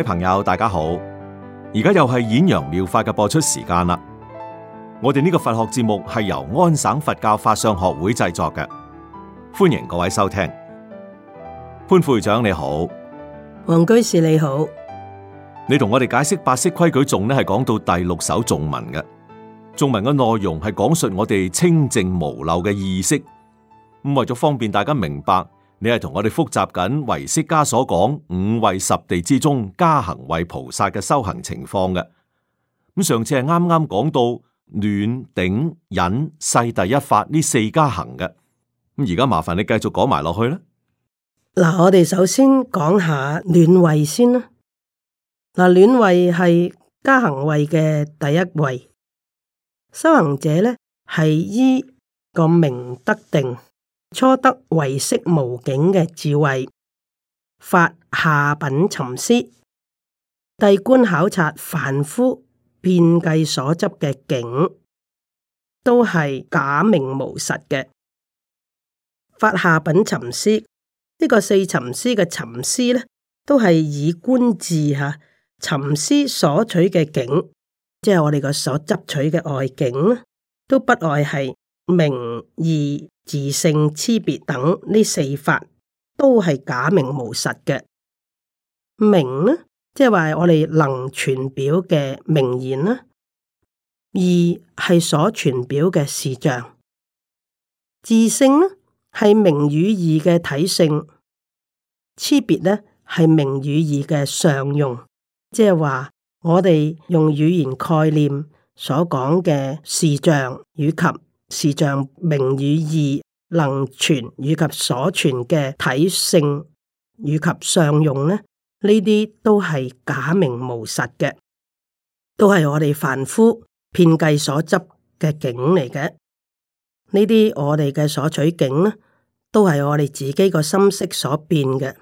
各位朋友，大家好！而家又係演揚妙法嘅播出時間啦。我哋呢個佛學節目係由安省佛教法相學會製作嘅，歡迎各位收聽。潘副會長你好，王居士你好。你同我哋解釋八識規矩頌呢係講到第六首頌文嘅。頌文嘅內容係講述我哋清靜無漏嘅意識。咁為咗方便大家明白。你係同我哋複習緊唯識家所講五位十地之中加行位菩薩嘅修行情況嘅。咁上次係啱啱講到暖、頂、忍、世第一法呢四加行嘅。咁而家麻煩你繼續講埋落去啦。嗱，我哋首先講下暖位先啦。嗱，暖位係加行位嘅第一位，修行者咧，係依個明得定，初得唯識無境嘅智慧，發下品尋思，帝觀考察凡夫遍計所執嘅境，都係假名無實嘅。發下品尋思呢、這個四尋思嘅尋思咧，都係以觀智吓尋思所取嘅境，即係我哋個所執取嘅外境都不外係名義。自性、差別等呢四法都係假名無實嘅。名呢，即係話我哋能傳表嘅名言啦。二係所傳表嘅事象，自性呢係名與義嘅體性，差別呢係名與義嘅常用，即係話我哋用語言概念所講嘅事象以及。是像名與義、能詮以及所詮嘅體性以及常用呢，呢啲都係假名無實嘅，都係我哋凡夫遍計所執嘅境嚟嘅。呢啲我哋嘅所取境呢，都係我哋自己個心識所變嘅，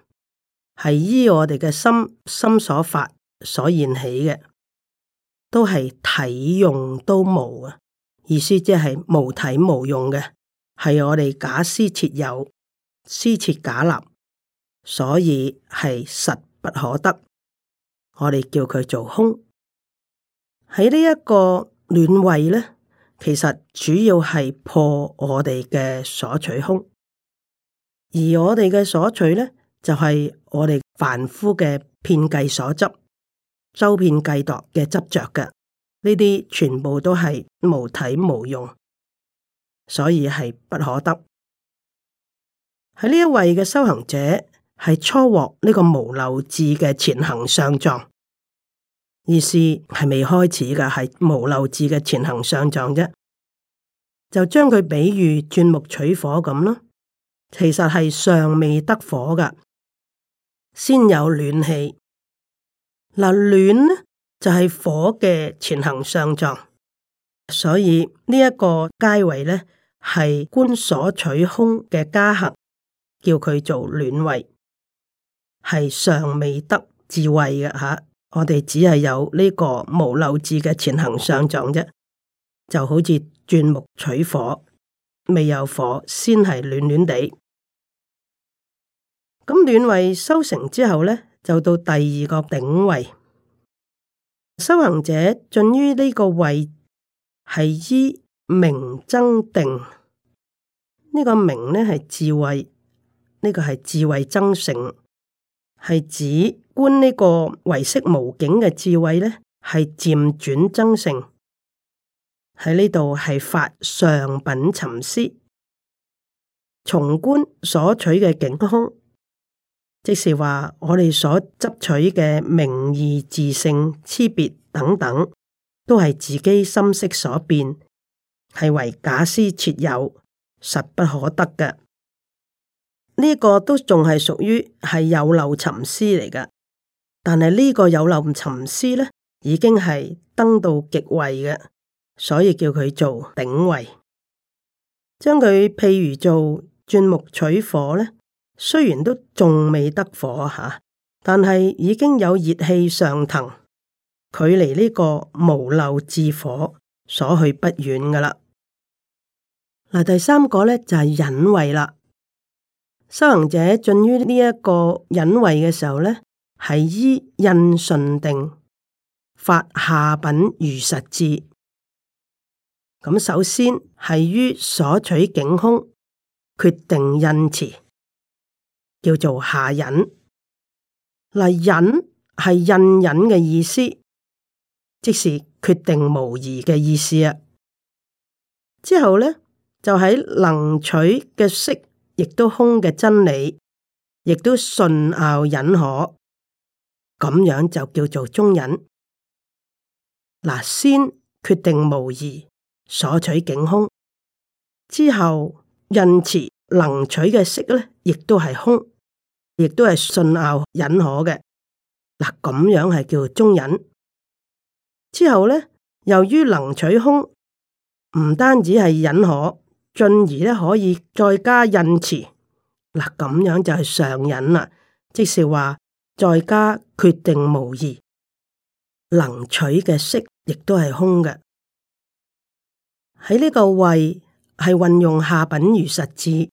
係依我哋嘅心心所發所現起嘅，都係體用都無啊。意思即係無體無用嘅，係我哋假施設有，施設假立，所以係實不可得。我哋叫佢做空。喺呢一個暖位呢，其實主要係破我哋嘅所取空，而我哋嘅所取呢，就係、是、我哋凡夫嘅遍計所執，周遍計度嘅執着嘅。呢啲全部都係無體無用，所以係不可得。喺呢一位嘅修行者係初獲呢個無漏智嘅前行上狀，意思係未開始嘅係無漏智嘅前行上狀啫，就將佢比喻鑽木取火咁咯。其實係尚未得火㗎，先有暖氣。嗱，暖呢？就係火嘅前行上狀，所以、這個、呢一個階位呢係官所取空嘅加行，叫佢做暖位，係尚未得智慧嘅吓。我哋只係有呢個無漏智嘅前行上狀啫，就好似鑽木取火，未有火先係暖暖地。咁暖位修成之後呢，就到第二個頂位。修行者進於呢個位係依明增定，呢、這個明呢係智慧，呢、這個係智慧增盛，係指觀呢個唯識無境嘅智慧呢，係漸轉增盛。喺呢度係發上品尋思，重觀所取嘅境空。即是話，我哋所執取嘅名、義、自性、差別等等，都係自己心識所變，係為假施設有，實不可得嘅。呢、這個都仲係屬於係有漏尋思嚟噶。但係呢個有漏尋思咧，已經係登到極位嘅，所以叫佢做頂位。將佢譬如做鑽木取火咧。雖然都仲未得火，但係已經有熱氣上騰，距離呢個無漏智火所去不遠噶啦。第三個咧就係、是、忍位啦。修行者進於呢一個忍位嘅時候呢，係依印順定發下品如實智。咁首先係於所取境空決定印持。叫做下忍，嗱，忍係印忍嘅意思，即是決定無疑嘅意思啊。之後咧就喺能取嘅色，亦都空嘅真理，亦都順拗忍可，咁樣就叫做中忍。嗱，先決定無疑，所取境空之後，印持能取嘅色咧，亦都係空，亦都係信拗忍可嘅。嗱，咁樣係叫做中忍。之後咧，由於能取空，唔單止係忍可，進而咧可以再加印持。嗱，咁樣就係上忍啦。即是話再加決定無疑，能取嘅色亦都係空嘅。喺呢個位係運用下品如實智。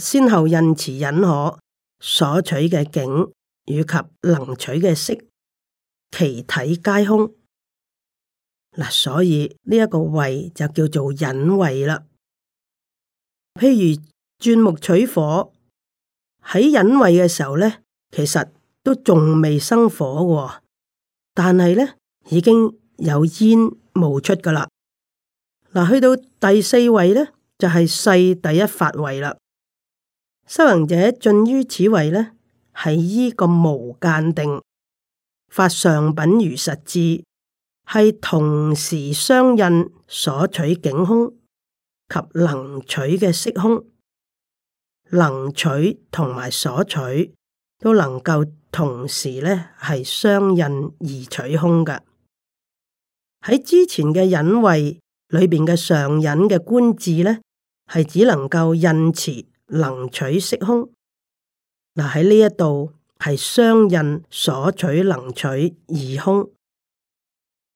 先後印持忍可所取嘅境以及能取嘅色，其體皆空。嗱、啊，所以呢一、這個位就叫做忍位啦。譬如鑽木取火，喺忍位嘅時候咧，其實都仲未生火、哦，但係咧已經有煙冒出噶啦。嗱、啊，去到第四位咧，就係、是、世第一法位啦。修行者進於此位呢係依個無間定發上品如實智，係同時雙印所取境空及能取嘅識空，能取同埋所取都能夠同時呢係雙印而取空噶。喺之前嘅忍位裏邊嘅上忍嘅觀智，呢係只能夠印持。能取色空，嗱喺呢一度係雙印所取能取二空。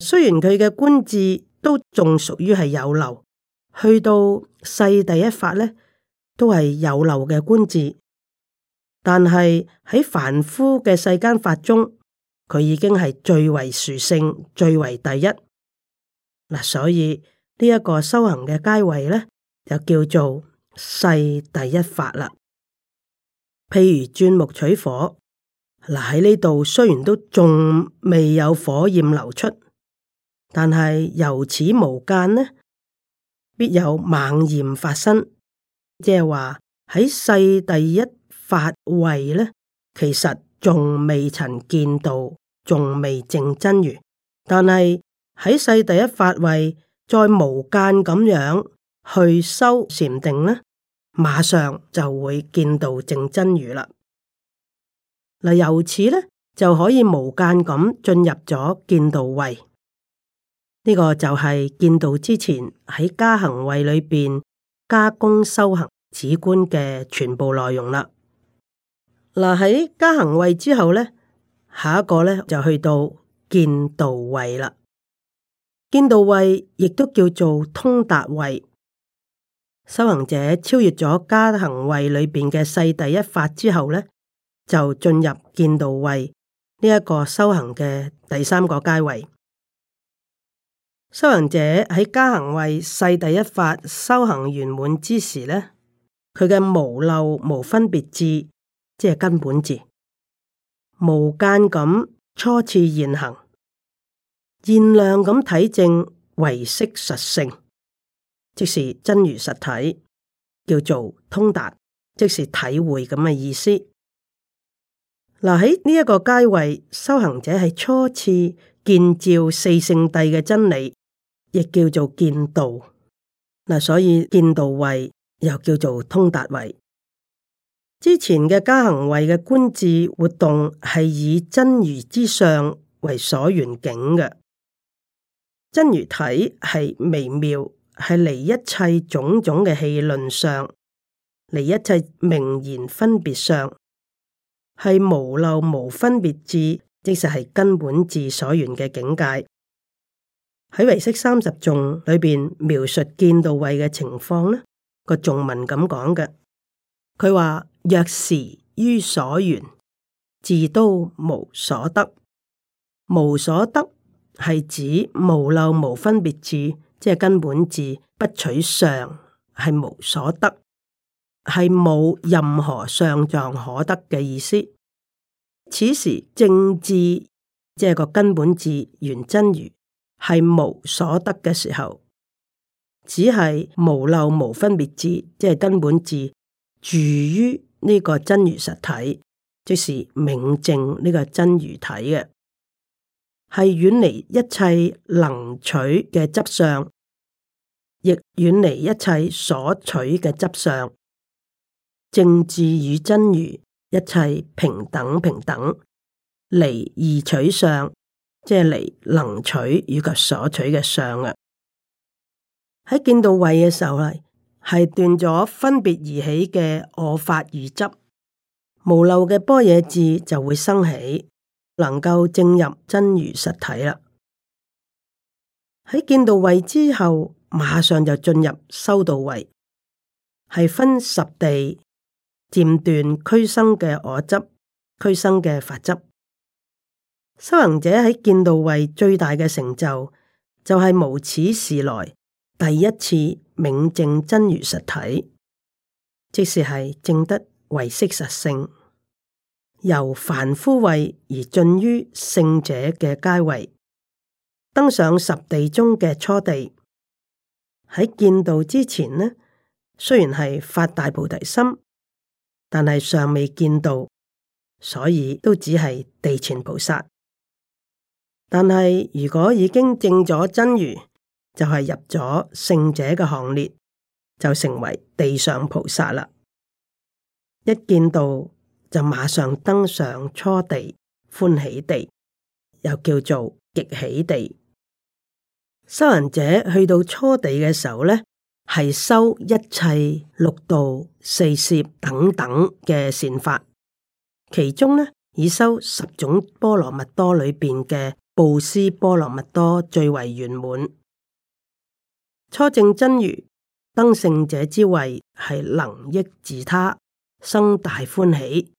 雖然佢嘅觀智，都仲屬於係有漏，去到世第一法咧都係有漏嘅觀智。但係喺凡夫嘅世間法中，佢已經係最為殊勝、最為第一。嗱，所以呢一，這個修行嘅階位咧，就叫做。世第一法啦，譬如鑽木取火，嗱喺呢度雖然都仲未有火焰流出，但係由此無間呢，必有猛焰發生。即係話喺世第一法位呢，其實仲未曾見到，仲未證真如，但係喺世第一法位再無間咁樣。去修禪定呢，馬上就會見到正真如啦。嗱，由此呢，就可以無間咁進入咗見道位。呢、這個就係見道之前喺加行位裏邊加工修行止觀嘅全部內容啦。嗱，喺加行位之後呢，下一個呢，就去到見道位啦。見道位亦都叫做通達位。修行者超越咗加行位裏邊嘅世第一法之後呢，就進入見道位呢一、這個修行嘅第三個階位。修行者喺加行位世第一法修行圓滿之時呢，佢嘅無漏無分別智，即係根本智，無間咁初次現行，現量咁體證唯識實性。即是真如實體，叫做通達，即是體會咁嘅意思。嗱，喺呢一個階位，修行者係初次見照四聖諦嘅真理，亦叫做見道。嗱，所以見道位又叫做通達位。之前嘅加行位嘅觀智活動係以真如之上為所緣境嘅，真如體係微妙，係嚟一切種種嘅戲論上，嚟一切名言分別上，係無漏無分別智，即係係根本智所緣嘅境界。喺唯識三十頌裏邊描述見道位嘅情況呢？個頌文咁講嘅，佢話若時於所緣智都無所得，無所得係指無漏無分別智。即係根本智不取相係無所得，係冇任何相狀可得嘅意思。此時正智即係個根本智緣真如係無所得嘅時候，只係無漏無分別智，即係根本智住於呢個真如實體，即是明淨呢個真如體嘅，係遠離一切能取嘅執相。亦遠離一切所取嘅執相，正智與真如一切平等平等，離二取相，即係離能取與及所取嘅相啊！喺見道位嘅時候，係斷咗分別而起嘅我法二執，無漏嘅般若智就會生起，能夠證入真如實體啦。喺見道位之後。馬上就進入修道位，係分十地漸斷俱生嘅我執、俱生嘅法執。修行者喺見道位最大嘅成就，就係、是、無始時來第一次明證真如實體，即是係證得唯識實性，由凡夫位而進於聖者嘅階位，登上十地中嘅初地。喺見道之前呢，雖然係發大菩提心，但係尚未見道，所以都只係地前菩薩。但係如果已經證咗真如，就係入咗聖者嘅行列，就成為地上菩薩啦。一見道就馬上登上初地歡喜地，又叫做極喜地。修行者去到初地嘅時候呢，係修一切六度、四攝等等嘅善法，其中呢，以修十種波羅蜜多裏邊嘅布施波羅蜜多最為圓滿。初證真如，登聖者之位，係能益自他，生大歡喜。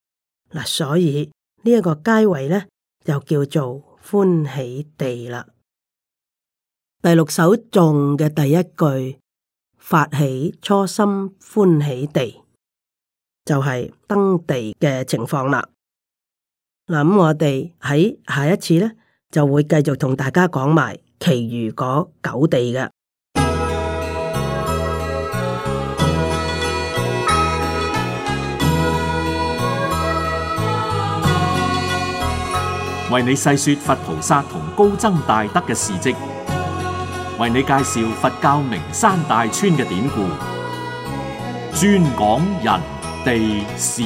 嗱，所以呢一、這個階位呢，就叫做歡喜地啦。第六首頌嘅第一句發起初心歡喜地，就係登地嘅情況啦。嗱，咁我哋喺下一次呢，就會繼續同大家講埋其餘嗰九地嘅。為你細說佛菩薩同高僧大德嘅事跡。為你介紹佛教名山大川嘅典故，專講人地事。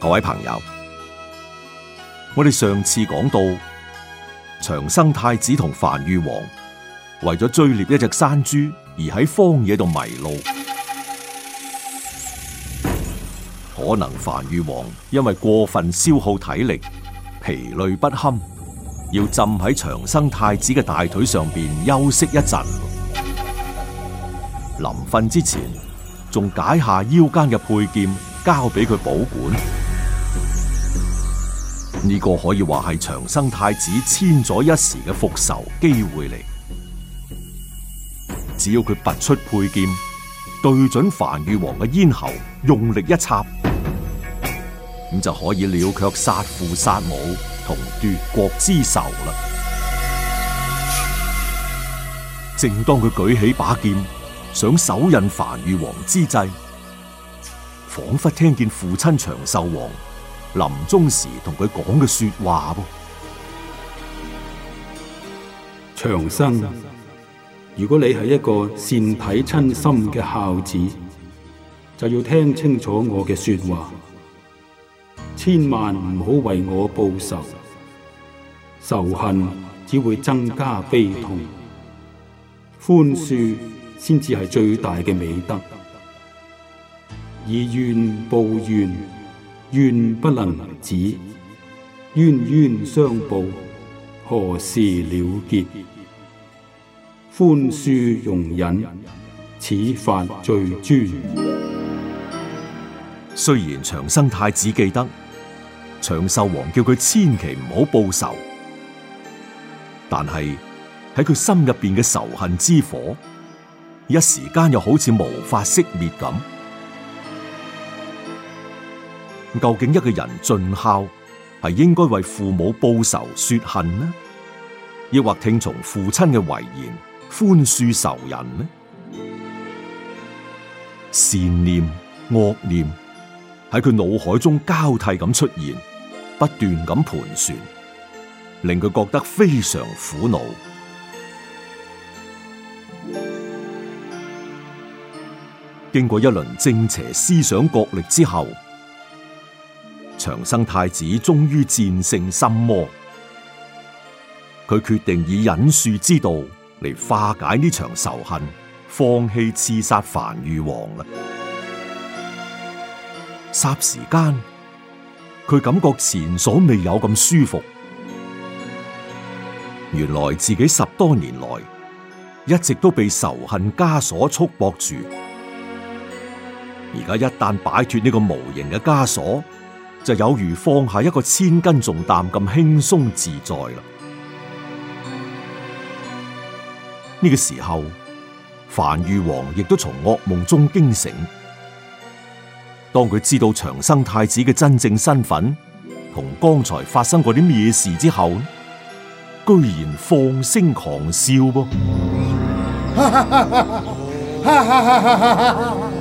各位朋友，我哋上次講到長生太子同梵豫王為咗追獵一隻山豬而喺荒野度迷路。可能樊宇王因為過分消耗體力疲累不堪，要浸喺長生太子嘅大腿上邊休息一陣。臨瞓之前，仲解下腰間嘅佩劍交俾佢保管。呢、這個可以話係長生太子千載一時嘅復仇機會嚟。只要佢拔出佩劍，對準樊宇王嘅咽喉，用力一插。咁就可以了卻殺父殺母同奪國之仇啦！正當佢舉起把劍想手刃梵豫王之際，仿佛聽見父親長壽王臨終時同佢講嘅說話噃：長生，如果你係一個善體親心嘅孝子，就要聽清楚我嘅說話。千萬唔好為我報仇，仇恨只會增加悲痛，寬恕先至係最大嘅美德。以怨報怨，怨不能止，冤冤相報，何時了結？寬恕容忍，此法最尊。雖然長生太子記得。長壽王叫佢千祈唔好報仇，但係喺佢心入邊嘅仇恨之火，一時間又好似無法熄滅咁。究竟一個人盡孝係應該為父母報仇雪恨呢，抑或聽從父親嘅遺言寬恕仇人呢？善念、惡念。喺佢腦海中交替咁出現，不斷咁盤旋，令佢覺得非常苦惱。經過一輪正邪思想角力之後，長生太子終於戰勝心魔。佢決定以忍恕之道嚟化解呢場仇恨，放棄刺殺梵豫王啦。霎時間，佢感覺前所未有咁舒服。原來自己十多年來一直都被仇恨枷鎖束縛住，而家一旦擺脫呢個無形嘅枷鎖，就有如放下一個千斤重擔咁輕鬆自在啦。呢、這個時候，梵豫王亦都從噩夢中驚醒。當佢知道長生太子嘅真正身份同剛才發生過啲咩事之後，居然放聲狂笑噃、哦！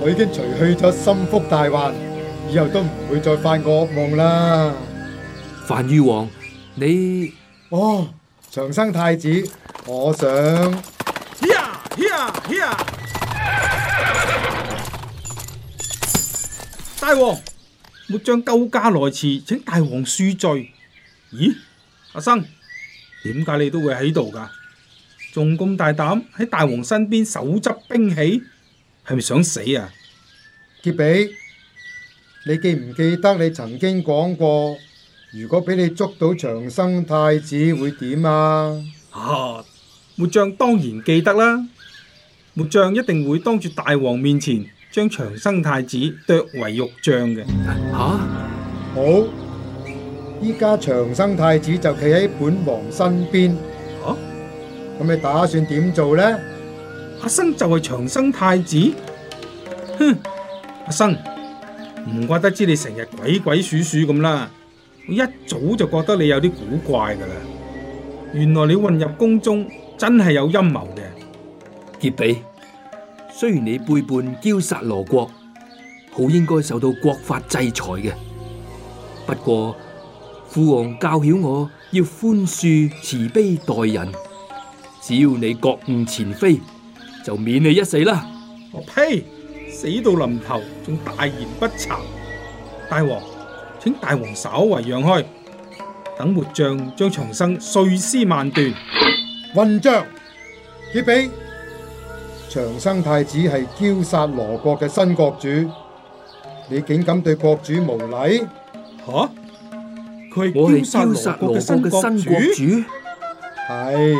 我已經除去咗心腹大患，以後都唔會再犯惡夢啦。梵豫王，你哦，長生太子，我想。 大王，末將救駕來遲，請大王恕罪。咦，阿生，點解你都會喺度噶？仲咁大膽喺大王身邊手執兵器，係咪想死啊？傑比，你記唔記得你曾經講過，如果俾你捉到長生太子會點啊？啊，末將當然記得啦。末將一定會當住大王面前。將長生太子剁為肉醬嘅吓，好，依家長生太子就企喺本王身邊吓，咁、啊、你打算點做咧？阿生就係長生太子。哼，阿生唔，怪得知你成日鬼鬼祟祟咁啦，我一早就覺得你有啲古怪噶啦，原來你混入宮中真係有陰謀嘅，揭秘。雖然你背叛驕殺羅國，好應該受到國法制裁嘅。不過父王教曉我要寬恕慈悲待人，只要你覺悟前非，就免你一死啦。我呸！死到臨頭仲大言不慚，大王，請大王稍微讓開，等末將將長生碎屍萬段。混賬接比。長生太子係驕殺羅國嘅新國主，你竟敢對國主無禮？吓，佢係驕殺羅國嘅新國主，係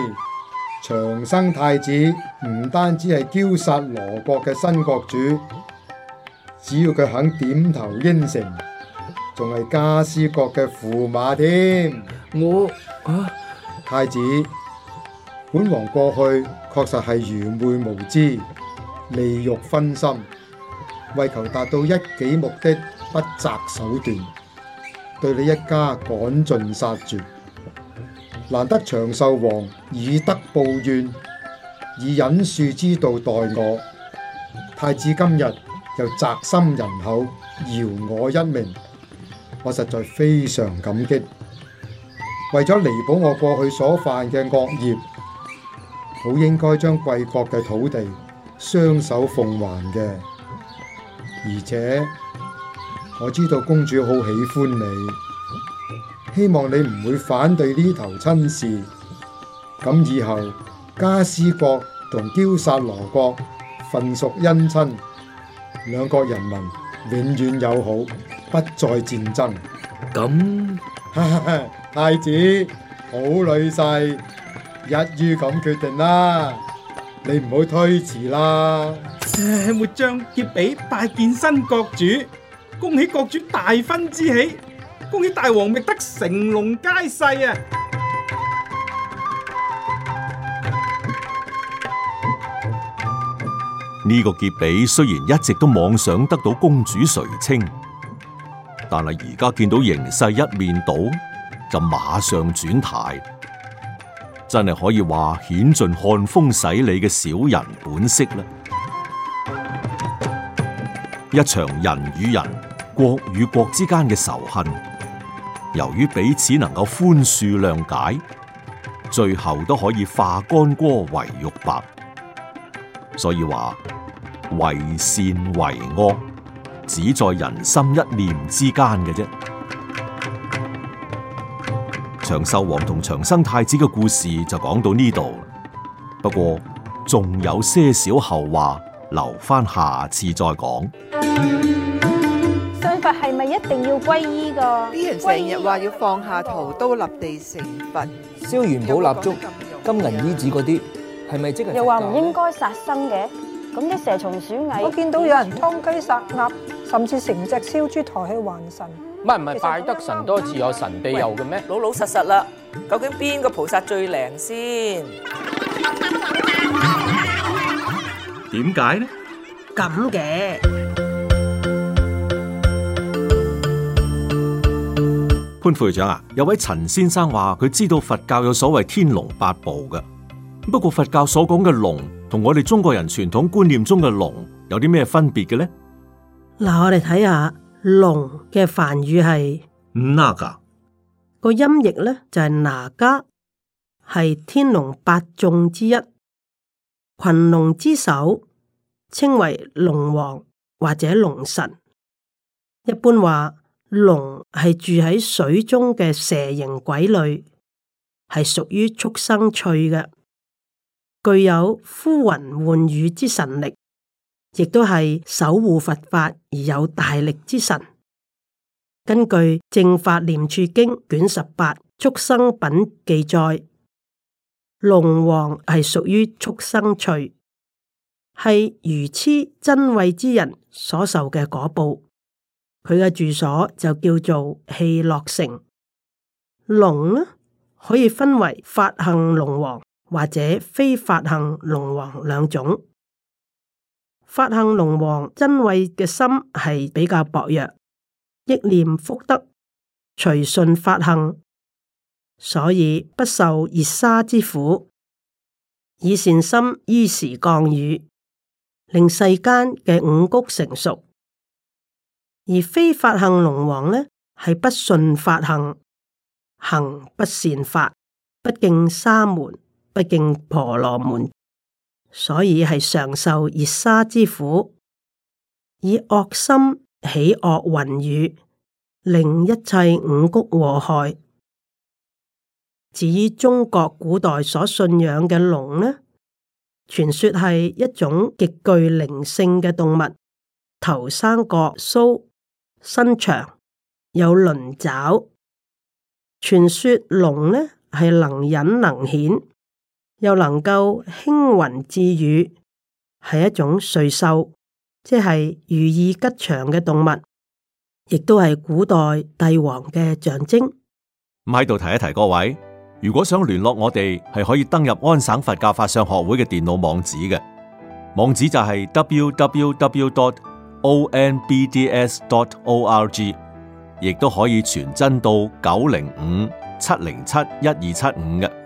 長生太子，唔單止係驕殺羅國嘅新國主，只要佢肯點頭應承，仲係家師國嘅駙馬添。我啊，太子。本王過去確實係愚昧無知、利欲分心，為求達到一己目的，不擇手段，對你一家趕盡殺絕。難得長壽王以德報怨，以忍恕之道待我。太子今日又責心人口饒我一命，我實在非常感激。為咗彌補我過去所犯嘅惡業，好應該將貴國嘅土地雙手奉還嘅。而且我知道公主好喜歡你，希望你唔會反對呢頭親事。咁以後加斯國同雕薩羅國份屬恩親，兩國人民永遠友好，不再戰爭那。咁， 太子好女婿。一於咁決定啦，你唔好推辭啦！末將結比拜見新國主，恭喜國主大婚之喜，恭喜大王覓得成龍佳婿啊！呢個結比雖然一直都妄想得到公主垂青，但係而家見到形勢一面倒，就馬上轉軚。真係可以話顯盡寒風洗禮嘅小人本色啦！一場人與人、國與國之間嘅仇恨，由於彼此能夠寬恕諒解，最後都可以化干戈為玉帛。所以話為善為惡，只在人心一念之間嘅啫。長壽王同長生太子嘅故事就講到呢度，不過仲有些少後話，留翻下次再講。信佛係咪一定要皈依噶？啲人成日話要放下屠刀立地成佛，燒元寶蠟燭、有有金銀衣紙嗰啲，係咪、啊、即係？又話唔應該殺生嘅，咁啲蛇蟲鼠蟻，我見到有人劏雞殺鴨，甚至成隻燒豬抬去還神。唔唔係，拜得神多自有神庇佑嘅咩？老老實實啦，究竟邊個菩薩最靈先？點解呢？咁嘅潘副長啊，有位陳先生話佢知道佛教有所謂天龍八部嘅，不過佛教所講嘅龍同我哋中國人傳統觀念中嘅龍有啲咩分別嘅呢？嗱，我哋睇下。龍嘅梵語係 naga，個音譯呢就係那加，係天龍八眾之一，群龍之首，稱為龍王或者龍神。一般話龍係住喺水中嘅蛇形鬼類，係屬於畜生趣嘅，具有呼云喚雨之神力。亦都係守護佛法而有大力之神。根據《正法念處經》卷十八《畜生品》記載，龍王係屬於畜生趣，係愚痴真慧之人所受嘅果報。佢嘅住所就叫做戲樂城。龍呢，可以分為法行龍王或者非法行龍王兩種。法行龍王真慧嘅心係比較薄弱，憶念福德隨順法行，所以不受熱沙之苦，以善心依時降雨，令世間嘅五穀成熟。而非法行龍王呢，係不順法行，行不善法，不敬沙門，不敬婆羅門。所以係常受熱沙之苦，以惡心起惡雲雨，令一切五谷禍害。至於中國古代所信仰嘅龍呢，傳說係一種極具靈性嘅動物，頭生角、鬚、身長、有鱗爪。傳說龍呢係能隱能顯。又能夠輕雲致雨，係一種瑞獸，即係寓意吉祥嘅動物，亦都係古代帝王嘅象徵。喺度提一提各位，如果想聯絡我哋，係可以登入安省佛教法相學會嘅電腦網址嘅，網址就係 w w w. dot o n b d s. dot o r g，亦都可以傳真到九零五七零七一二七五嘅。